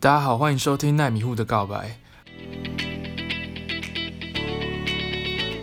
大家好，歡迎收聽奈米戶的告白。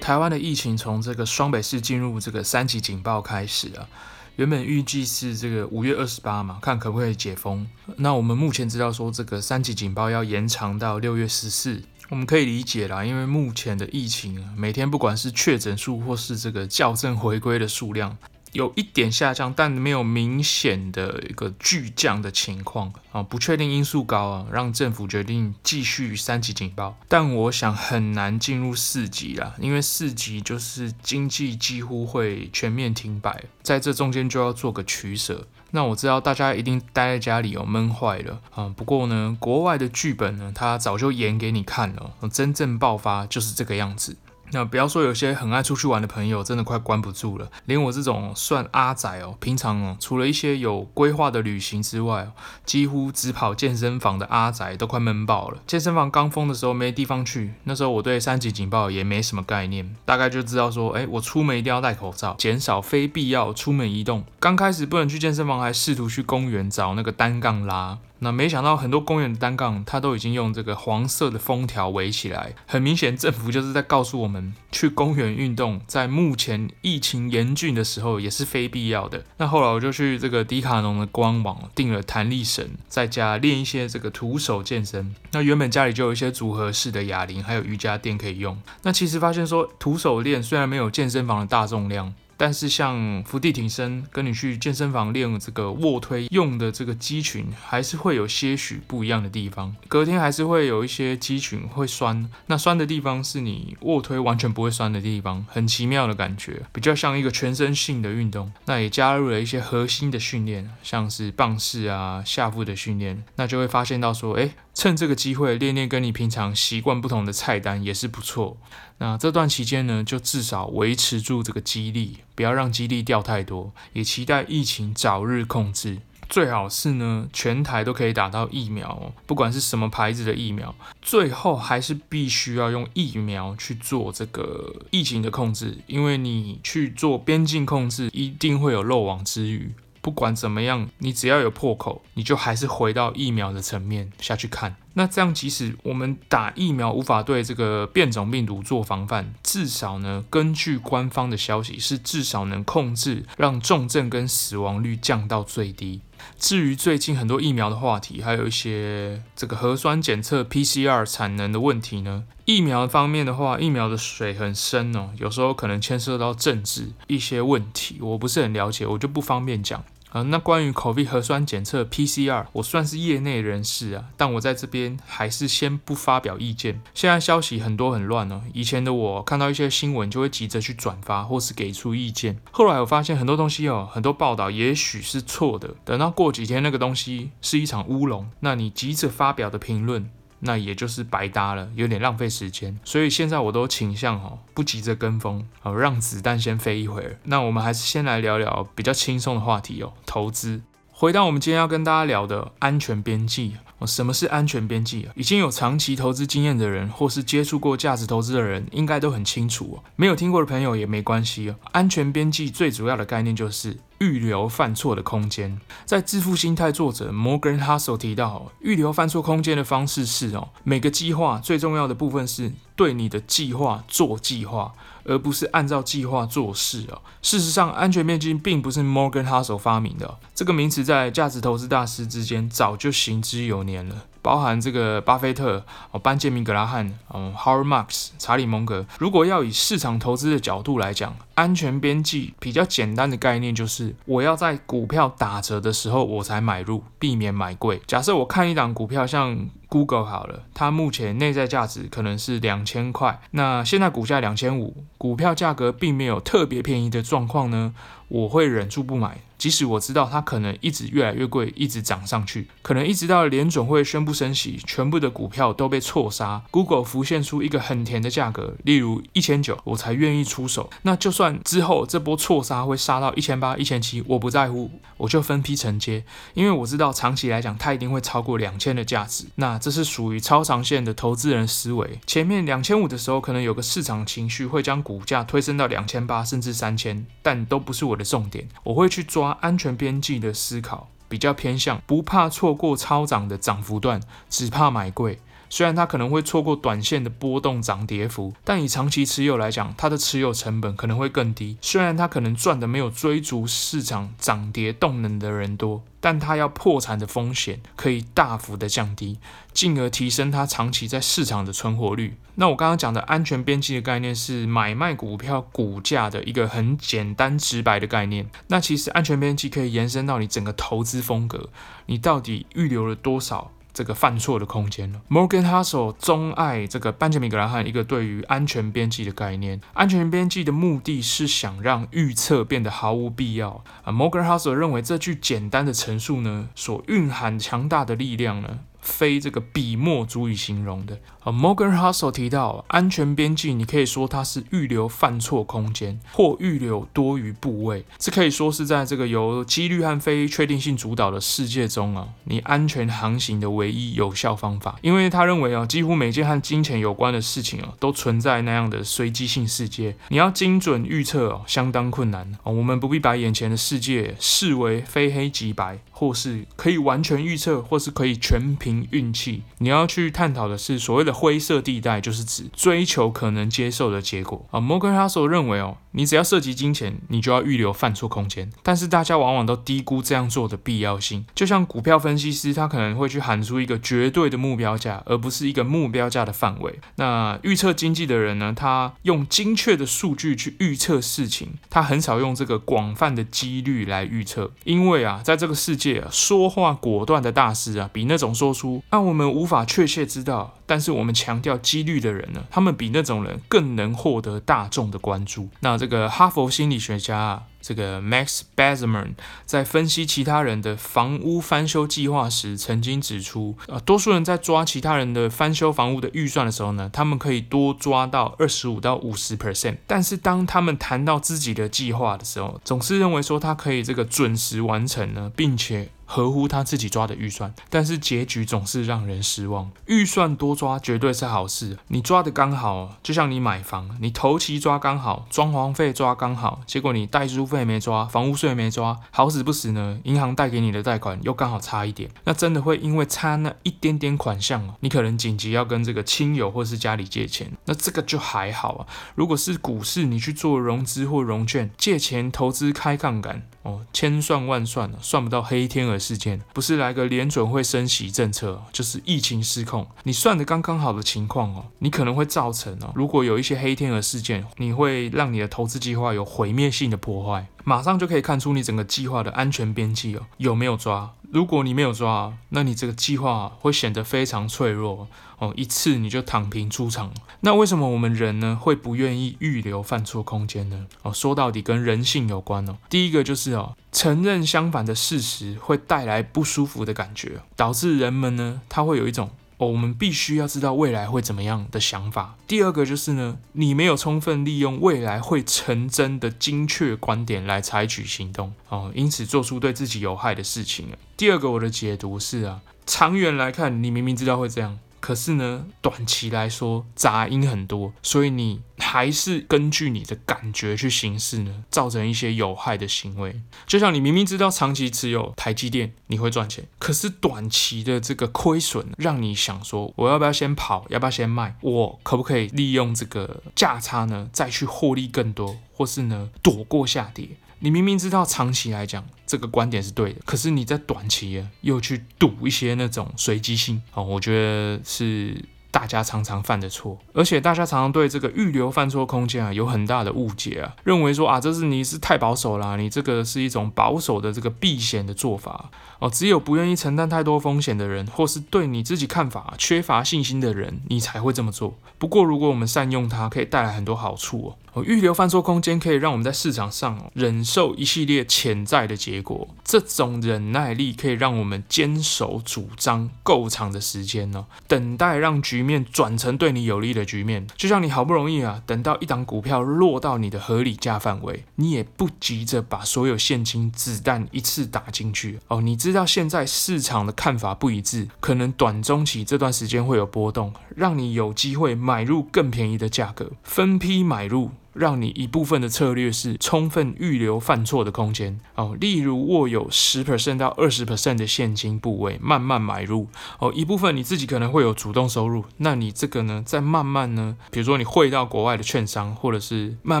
台灣的疫情從這個雙北市進入這個三級警報開始啊，原本預計是這個五月二十八嘛，看可不可以解封。那我們目前知道說這個三級警報要延長到六月十四，我們可以理解啦，因為目前的疫情每天不管是確診數或是這個校正回歸的數量，有一點下降，但沒有明顯的一個巨降的情況啊，不確定因素高啊，讓政府決定繼續三級警報，但我想很難進入四級啦，因為四級就是經濟幾乎會全面停擺，在這中間就要做個取舍。那我知道大家一定待在家裡有悶壞了啊，不過呢，國外的劇本呢，它早就演給你看了，真正爆發就是這個樣子。那、啊、不要說有些很愛出去玩的朋友，真的快關不住了。連我這種算阿宅哦、喔，平常哦、喔，除了一些有規劃的旅行之外，幾乎只跑健身房的阿宅都快悶爆了。健身房剛封的時候沒地方去，那時候我對三級警報也沒什麼概念，大概就知道說，誒、欸、我出門一定要戴口罩，減少非必要出門移動。剛開始不能去健身房，還試圖去公園找那個單槓拉。那沒想到很多公園的單槓，它都已經用這個黃色的封條圍起來，很明顯政府就是在告訴我們，去公園運動，在目前疫情嚴峻的時候也是非必要的。那後來我就去這個迪卡儂的官網訂了彈力繩，在家練一些這個徒手健身。那原本家裡就有一些組合式的啞鈴，還有瑜伽墊可以用。那其實發現說徒手練雖然沒有健身房的大重量。但是像伏地挺身，跟你去健身房練這個臥推用的這個肌群，還是會有些許不一樣的地方。隔天還是會有一些肌群會痠，那痠的地方是你臥推完全不會痠的地方，很奇妙的感覺，比較像一個全身性的運動。那也加入了一些核心的訓練，像是棒式啊、下腹的訓練，那就會發現到說，哎、欸。趁這個機會練練跟你平常習慣不同的菜單也是不錯。那這段期間呢，就至少維持住這個肌力，不要讓肌力掉太多。也期待疫情早日控制。最好是呢，全台都可以打到疫苗哦，不管是什麼牌子的疫苗。最後還是必須要用疫苗去做這個疫情的控制，因為你去做邊境控制，一定會有漏網之魚。不管怎麼樣，你只要有破口，你就還是回到疫苗的層面下去看。那這樣，即使我們打疫苗無法對這個變種病毒做防範，至少呢，根據官方的消息，是至少能控制讓重症跟死亡率降到最低。至於最近很多疫苗的話題，還有一些這個核酸檢測 PCR 產能的問題呢，疫苗方面的話，疫苗的水很深哦，有時候可能牽涉到政治一些問題，我不是很了解，我就不方便講。啊、嗯，那關於 COVID 核酸檢測 PCR，我算是業內人士啊，但我在這邊還是先不發表意見。現在消息很多很亂哦。以前的我看到一些新聞就會急着去轉發或是給出意見，後來我發現很多東西哦，很多報道也許是錯的。等到過幾天那個東西是一場烏龍，那你急着發表的評論，那也就是白搭了，有點浪費時間。所以現在我都傾向哦，不急着跟風哦，讓子彈先飛一會兒。那我們還是先來聊聊比較輕鬆的話題哦，投資。回到我們今天要跟大家聊的安全邊際哦，什麼是安全邊際？已經有長期投資經驗的人，或是接觸過價值投資的人，應該都很清楚。沒有聽過的朋友也沒關係哦。安全邊際最主要的概念就是。預留犯錯的空間，在《致富心態》作者 Morgan Housel 提到，預留犯錯空間的方式是哦，每個計劃最重要的部分是對你的計劃做計劃，而不是按照計劃做事哦。事實上，安全邊際並不是 Morgan Housel 發明的，這個名詞在價值投資大師之間早就行之有年了。包含這個巴菲特，哦，班傑明格拉漢，嗯，Howard Marks、查理蒙格。如果要以市場投資的角度來講，安全邊際比較簡單的概念就是，我要在股票打折的時候我才買入，避免買貴。假設我看一檔股票，像。Google 好了，它目前內在價值可能是兩千塊，那現在股價兩千五，股票價格並沒有特別便宜的狀況呢，我會忍住不買。即使我知道它可能一直越來越貴，一直漲上去，可能一直到聯準會宣布升息，全部的股票都被錯殺，Google 浮現出一個很甜的價格，例如一千九，我才願意出手。那就算之後這波錯殺會殺到一千八、一千七，我不在乎，我就分批承接，因為我知道長期來講它一定會超過兩千的價值。那這是屬於超長線的投資人思維。前面兩千五的時候，可能有個市場情緒會將股價推升到兩千八甚至三千，但都不是我的重點。我會去抓安全邊際的思考，比較偏向不怕錯過超漲的漲幅段，只怕買貴。雖然它可能會錯過短線的波動漲跌幅，但以長期持有來講，它的持有成本可能會更低。雖然它可能賺的沒有追逐市場漲跌動能的人多，但它要破產的風險可以大幅的降低，進而提升它長期在市場的存活率。那我剛剛講的安全邊際的概念是買賣股票股價的一個很簡單直白的概念。那其實安全邊際可以延伸到你整個投資風格，你到底預留了多少？這個犯錯的空間了。Morgan Housel 鍾愛這個班傑明·格蘭漢一個對於安全邊際的概念。安全邊際的目的是想讓預測變得毫無必要。啊，Morgan Housel 認為這句簡單的陳述呢，所蘊含強大的力量呢。非這個筆墨足以形容的。啊，Morgan Housel 提到，安全邊際，你可以說它是預留犯錯空間，或預留多餘部位。這可以說是在這個由幾率和非確定性主導的世界中啊，你安全航行的唯一有效方法。因為他認為啊，幾乎每件和金錢有關的事情啊，都存在那樣的隨機性世界。你要精準預測相當困難。我們不必把眼前的世界視為非黑即白。或是可以完全預測，或是可以全憑運氣。你要去探討的是所謂的灰色地帶，就是指追求可能接受的結果啊。摩根·豪瑟認為哦。你只要涉及金錢，你就要預留犯錯空間。但是大家往往都低估這樣做的必要性。就像股票分析師，他可能會去喊出一個絕對的目標價，而不是一個目標價的範圍。那預測經濟的人呢？他用精確的數據去預測事情，他很少用這個廣泛的幾率來預測。因為啊，在這個世界啊，說話果斷的大師啊，比那種說出讓我們無法確切知道，但是我們強調幾率的人呢，他們比那種人更能獲得大眾的關注。那這個哈佛心理學家這個 Max Bazerman 在分析其他人的房屋翻修計劃時，曾經指出，啊、呃，多數人在抓其他人的翻修房屋的預算的時候呢，他們可以多抓到二十五到五十 percent。但是當他們談到自己的計劃的時候，總是認為說他可以這個準時完成呢，並且。合乎他自己抓的預算，但是結局總是讓人失望。預算多抓絕對是好事，你抓的剛好，就像你買房，你頭期抓剛好，裝潢費抓剛好，結果你代書費沒抓，房屋稅沒抓，好死不死呢，銀行貸給你的貸款又剛好差一點，那真的會因為差那一點點款項哦，你可能緊急要跟這個親友或是家裡借錢，那這個就還好啊。如果是股市，你去做融資或融券借錢投資開槓桿哦，千算萬算算不到黑天鵝。事件不是來個聯準會升息政策，就是疫情失控。你算的剛剛好的情況哦，你可能會造成哦。如果有一些黑天鵝事件，你會讓你的投資計劃有毀滅性的破壞。馬上就可以看出你整個計劃的安全邊際哦，有沒有抓？如果你沒有抓，那你這個計劃會顯得非常脆弱哦。一次你就躺平出場。那為什麼我們人呢會不願意預留犯錯空間呢？哦，說到底跟人性有關哦。第一個就是哦，承認相反的事實會帶來不舒服的感覺，導致人們呢他會有一種。哦，我們必須要知道未來會怎麼樣的想法。第二個就是呢，你沒有充分利用未來會成真的精確觀點來採取行動，哦，因此做出對自己有害的事情。第二個我的解讀是啊，長遠來看，你明明知道會這樣。可是呢，短期來說雜音很多，所以你還是根據你的感覺去行事呢，造成一些有害的行為。就像你明明知道長期持有台積電你會賺錢，可是短期的這個虧損讓你想說，我要不要先跑，要不要先賣，我可不可以利用這個價差呢，再去獲利更多，或是呢躲過下跌。你明明知道長期來講這個觀點是對的，可是你在短期又去賭一些那種隨機性，哦，我覺得是大家常常犯的錯，而且大家常常對這個預留犯錯空間啊有很大的誤解啊，認為說啊，這是你是太保守啦，啊，你這個是一種保守的這個避險的做法哦。只有不願意承擔太多風險的人，或是對你自己看法啊缺乏信心的人，你才會這麼做。不過，如果我們善用它，可以帶來很多好處哦。預留犯錯空間可以讓我們在市場上忍受一系列潛在的結果，這種忍耐力可以讓我們堅守主張夠長的時間哦，等待讓局。局面轉成對你有利的局面，就像你好不容易啊，等到一檔股票落到你的合理價範圍，你也不急着把所有現金子彈一次打進去哦。你知道現在市場的看法不一致，可能短中期這段時間會有波動，讓你有機會買入更便宜的價格，分批買入。讓你一部分的策略是充分預留犯錯的空間哦，例如握有十 percent 到二十 percent 的現金部位，慢慢買入哦。一部分你自己可能會有主動收入，那你這個呢，再慢慢呢，比如說你匯到國外的券商，或者是慢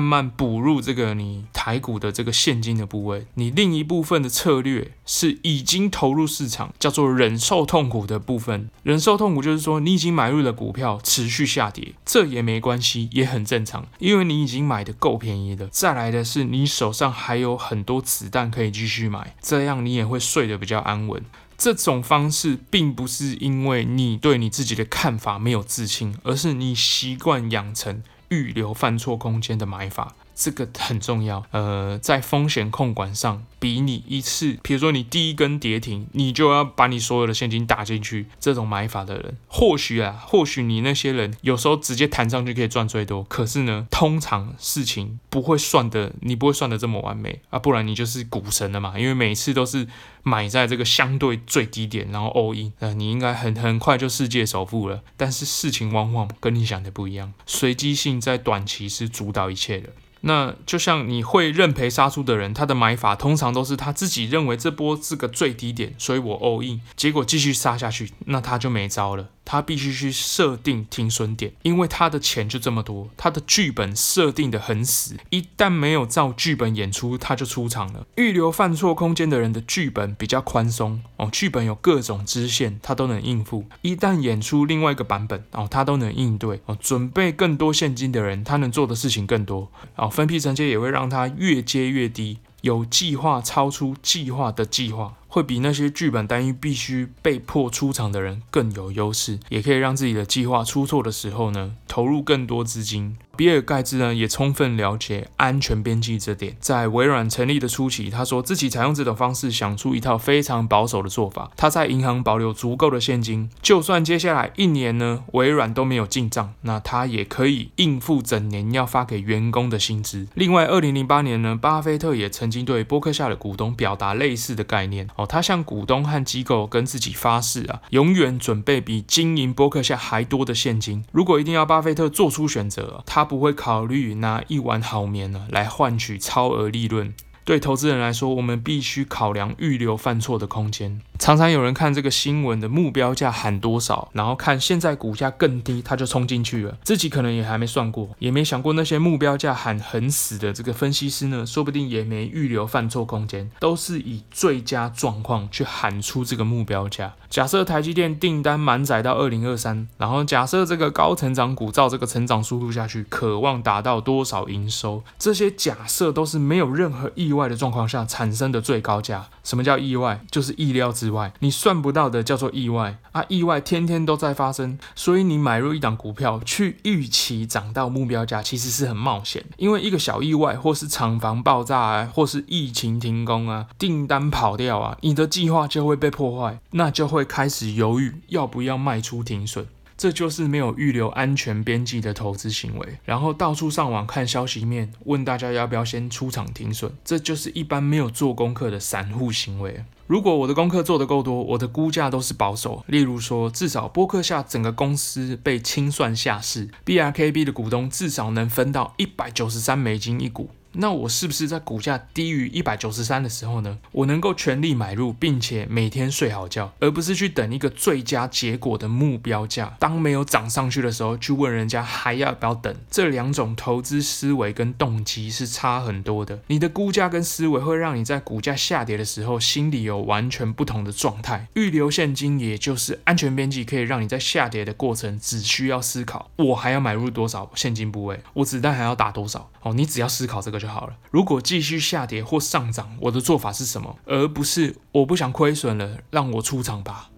慢補入這個你台股的這個現金的部位。你另一部分的策略是已經投入市場，叫做忍受痛苦的部分。忍受痛苦就是說你已經買入了股票，持續下跌，這也沒關係，也很正常，因為你已經。買的夠便宜的，再來的是你手上還有很多子彈可以繼續買，這樣你也會睡得比較安穩。這種方式並不是因為你對你自己的看法沒有自信，而是你習慣養成預留犯錯空間的買法。這個很重要，呃，在風險控管上，比你一次，譬如說，你第一根跌停，你就要把你所有的現金打進去。這種買法的人，或許啊，或許你那些人有時候直接彈上去可以賺最多，可是呢，通常事情不會算的，你不會算的這麼完美啊，不然你就是股神了嘛。因為每次都是買在這個相對最低點，然後 all in。呃，你應該很很快就世界首富了。但是事情往往跟你想的不一樣，隨機性在短期是主導一切的。那就像你會認賠殺出的人，他的買法通常都是他自己認為這波是個最低點，所以我 all in，結果繼續殺下去，那他就沒招了。他必須去設定停損點，因為他的錢就這麼多。他的劇本設定得很死，一旦沒有照劇本演出，他就出場了。預留犯錯空間的人的劇本比較寬鬆哦，劇本有各種支線，他都能應付。一旦演出另外一個版本哦，他都能應對哦。準備更多現金的人，他能做的事情更多哦。分批承接也會讓他越接越低，有計劃超出計劃的計劃。會比那些劇本單一、必須被迫出場的人更有優勢，也可以讓自己的計劃出錯的時候呢，投入更多資金。比爾蓋茨呢也充分了解安全邊際這點，在微軟成立的初期，他說自己採用這種方式，想出一套非常保守的做法。他在銀行保留足夠的現金，就算接下來一年呢，微軟都沒有進賬，那他也可以應付整年要發給員工的薪資。另外，二零零八年呢，巴菲特也曾經對波克夏的股東表達類似的概念。哦，他向股東和機構跟自己發誓啊，永遠準備比經營波克夏還多的現金。如果一定要巴菲特做出選擇，啊，他不會考慮拿一晚好眠來換取超額利潤。對投資人來說，我們必須考量預留犯錯的空間。常常有人看這個新聞的目標價喊多少，然後看現在股價更低，他就衝進去了。自己可能也還沒算過，也沒想過那些目標價喊很死的這個分析師呢，說不定也沒預留犯錯空間，都是以最佳狀況去喊出這個目標價。假設台積電訂單滿載到二零二三，然後假設這個高成長股照這個成長速度下去，渴望達到多少營收？這些假設都是沒有任何意外的狀況下產生的最高價。什麼叫意外？就是意料之外。意外，你算不到的叫做意外啊！意外天天都在發生，所以你買入一檔股票去預期漲到目標價，其實是很冒險。因為一個小意外，或是廠房爆炸啊，或是疫情停工啊，訂單跑掉啊，你的計劃就會被破壞，那就會開始猶豫要不要賣出停損。這就是沒有預留安全邊際的投資行為，然後到處上網看消息面，問大家要不要先出場停損，這就是一般沒有做功課的散戶行為。如果我的功課做得夠多，我的估價都是保守，例如說，至少波克夏整個公司被清算下市，BRKB 的股東至少能分到一百九十三美金一股。那我是不是在股價低於一百九十三的時候呢，我能夠全力買入，並且每天睡好覺，而不是去等一個最佳結果的目標價。當沒有漲上去的時候，去問人家還要不要等。這兩種投資思維跟動機是差很多的。你的估價跟思維會讓你在股價下跌的時候，心裡有完全不同的狀態。預留現金，也就是安全邊際，可以讓你在下跌的過程只需要思考，我還要買入多少現金部位，我子彈還要打多少。哦，你只要思考這個。就好了。如果繼續下跌或上漲，我的做法是什麼？而不是我不想虧損了，讓我出場吧。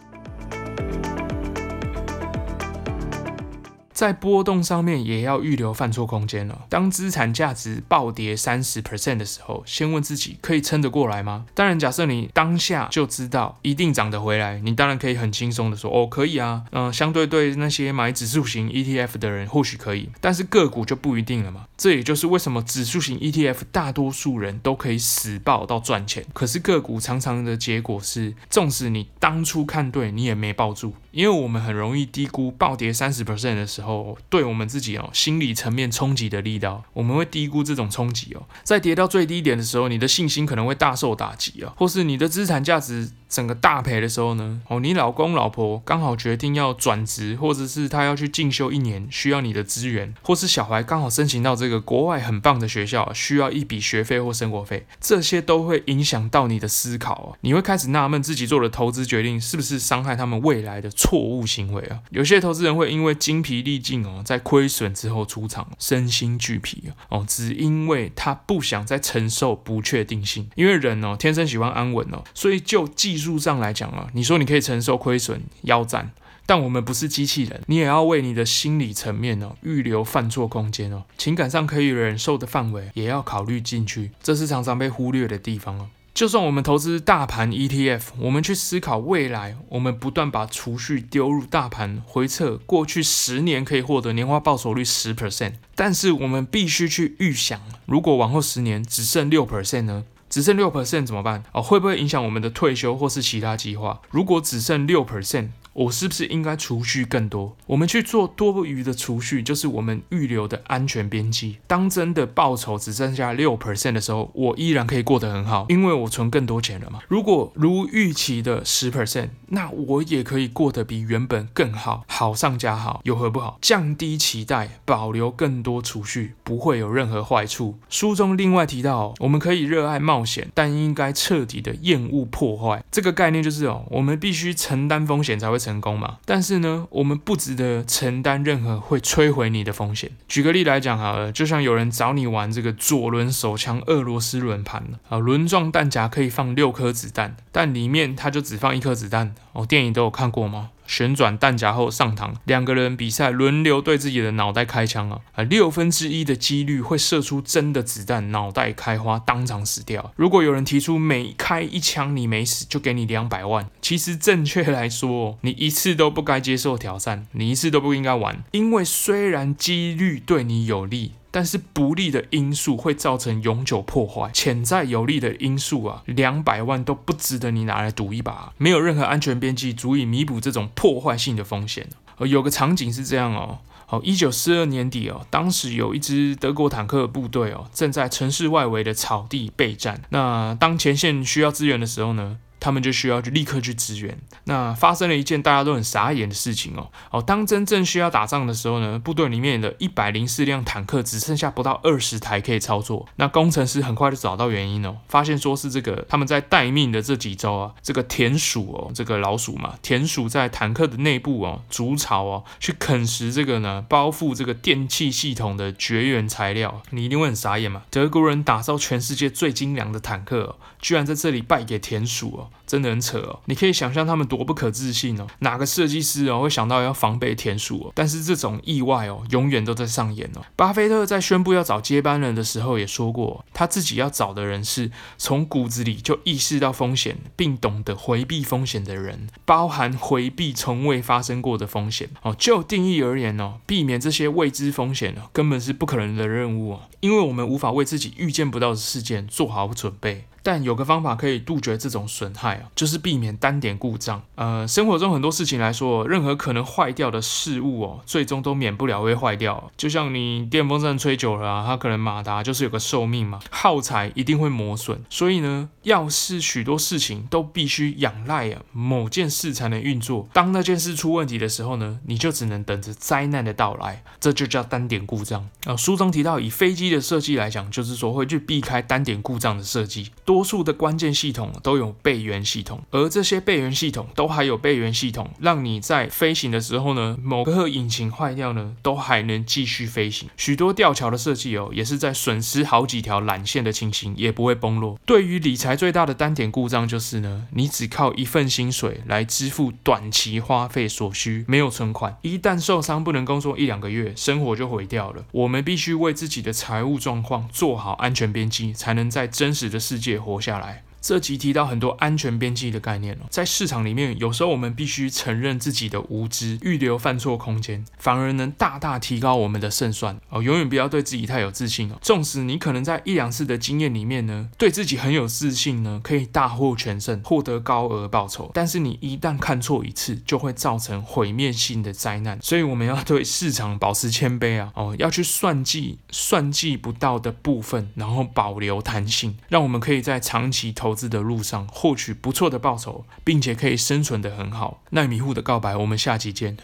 在波動上面也要預留犯錯空間了。當資產價值暴跌三十 percent 的時候，先問自己可以撐得過來嗎？當然，假設你當下就知道一定漲得回來，你當然可以很輕鬆的說哦，可以啊。嗯，相對對那些買指數型 ETF 的人或許可以，但是個股就不一定了嘛。這也就是為什麼指數型 ETF 大多數人都可以死抱到賺錢，可是個股常常的結果是，縱使你當初看對，你也沒抱住，因為我們很容易低估暴跌三十 percent 的時候。哦，對我們自己哦，心理層面衝擊的力道，我們會低估這種衝擊哦。在跌到最低點的時候，你的信心可能會大受打擊啊，或是你的資產價值整個大賠的時候呢，哦，你老公老婆剛好決定要轉職，或者是他要去進修一年，需要你的資源，或是小孩剛好申請到這個國外很棒的學校，需要一筆學費或生活費，這些都會影響到你的思考哦。你會開始納悶自己做的投資決定是不是傷害他們未來的錯誤行為啊？有些投資人會因為精疲力。畢竟哦，在虧損之後出場，身心俱疲哦，只因為他不想再承受不確定性，因為人哦天生喜歡安穩哦，所以就技術上來講啊，你說你可以承受虧損腰斬，但我們不是機器人，你也要為你的心理層面哦預留犯錯空間哦，情感上可以忍受的範圍也要考慮進去，這是常常被忽略的地方哦。就算我們投資大盤 ETF，我們去思考未來，我們不斷把儲蓄丟入大盤回測過去十年可以獲得年化報酬率十 percent，但是我們必須去預想，如果往後十年只剩六 percent 呢？只剩六 percent 怎麼辦？哦，會不會影響我們的退休或是其他計劃？如果只剩六 percent？我是不是應該儲蓄更多？我們去做多餘的儲蓄，就是我們預留的安全邊際。當真的報酬只剩下六 percent 的時候，我依然可以過得很好，因為我存更多錢了嘛。如果如預期的十 percent，那我也可以過得比原本更好，好上加好，有何不好？降低期待，保留更多儲蓄，不會有任何壞處。書中另外提到，我們可以熱愛冒險，但應該徹底的厭惡破壞。這個概念就是哦，我們必須承擔風險才會。成功嘛？但是呢，我們不值得承擔任何會摧毀你的風險。舉個例來講好了，就像有人找你玩這個左輪手槍俄羅斯輪盤啊，輪狀彈夾可以放六顆子彈，但裡面它就只放一顆子彈哦。電影都有看過嗎？旋轉彈夾後上膛，兩個人比賽輪流對自己的腦袋開槍啊啊！六分之一的幾率會射出真的子彈，腦袋開花，當場死掉。如果有人提出每開一槍你沒死，就給你兩百萬，其實正確來說，你一次都不該接受挑戰，你一次都不應該玩，因為雖然幾率對你有利。但是不利的因素會造成永久破壞，潛在有利的因素啊，兩百萬都不值得你拿來賭一把，啊，沒有任何安全邊際足以彌補這種破壞性的風險。哦、有個場景是這樣哦，好，哦，一九四二年底哦，當時有一支德國坦克部隊哦，正在城市外圍的草地備戰。那當前線需要支援的時候呢，他們就需要去立刻去支援。那發生了一件大家都很傻眼的事情哦。哦，當真正需要打仗的時候呢，部隊裡面的一百零四輛坦克只剩下不到二十台可以操作。那工程師很快就找到原因哦，發現說是這個他們在待命的這幾周啊，這個田鼠哦，這個老鼠嘛，田鼠在坦克的內部哦，築巢哦，去啃食這個呢包覆這個電氣系統的絕緣材料。你一定會很傻眼嘛？德國人打造全世界最精良的坦克哦，居然在這裡敗給田鼠哦！真的很扯哦！你可以想象他們多不可置信哦。哪個設計師哦會想到要防備田鼠哦？但是這種意外哦，永遠都在上演哦。巴菲特在宣布要找接班人的時候也說過哦，他自己要找的人是從骨子裡就意識到風險，並懂得回避風險的人，包含回避從未發生過的風險哦。就定義而言哦，避免這些未知風險哦，根本是不可能的任務哦，因為我們無法為自己預見不到的事件做好準備。但有個方法可以杜絕這種損害啊，就是避免單點故障。呃，生活中很多事情來說，任何可能壞掉的事物哦，最終都免不了會壞掉。就像你電風扇吹久了啊，它可能馬達就是有個壽命嘛，耗材一定會磨損。所以呢，要是許多事情都必須仰賴啊，某件事才能運作，當那件事出問題的時候呢，你就只能等着災難的到來。這就叫單點故障啊，呃，書中提到，以飛機的設計來講，就是說會去避開單點故障的設計。多數的關鍵系統都有備援系統，而這些備援系統都還有備援系統，讓你在飛行的時候呢，某個引擎壞掉呢，都還能繼續飛行。許多吊橋的設計哦，也是在損失好幾條纜線的情形也不會崩落。對於理財最大的單點故障就是呢，你只靠一份薪水來支付短期花費所需，沒有存款，一旦受傷不能工作一兩個月，生活就毀掉了。我們必須為自己的財務狀況做好安全邊際，才能在真實的世界活下來。這集提到很多安全邊際的概念哦，在市場裡面，有時候我們必須承認自己的無知，預留犯錯空間，反而能大大提高我們的勝算哦。永遠不要對自己太有自信哦。縱使你可能在一兩次的經驗裡面呢，對自己很有自信呢，可以大獲全勝，獲得高額報酬，但是你一旦看錯一次，就會造成毀滅性的災難。所以我們要對市場保持謙卑啊哦，要去算計算計不到的部分，然後保留彈性，讓我們可以在長期投。投資的路上獲取不錯的報酬，並且可以生存的很好。奈米戶的告白，我們下期見。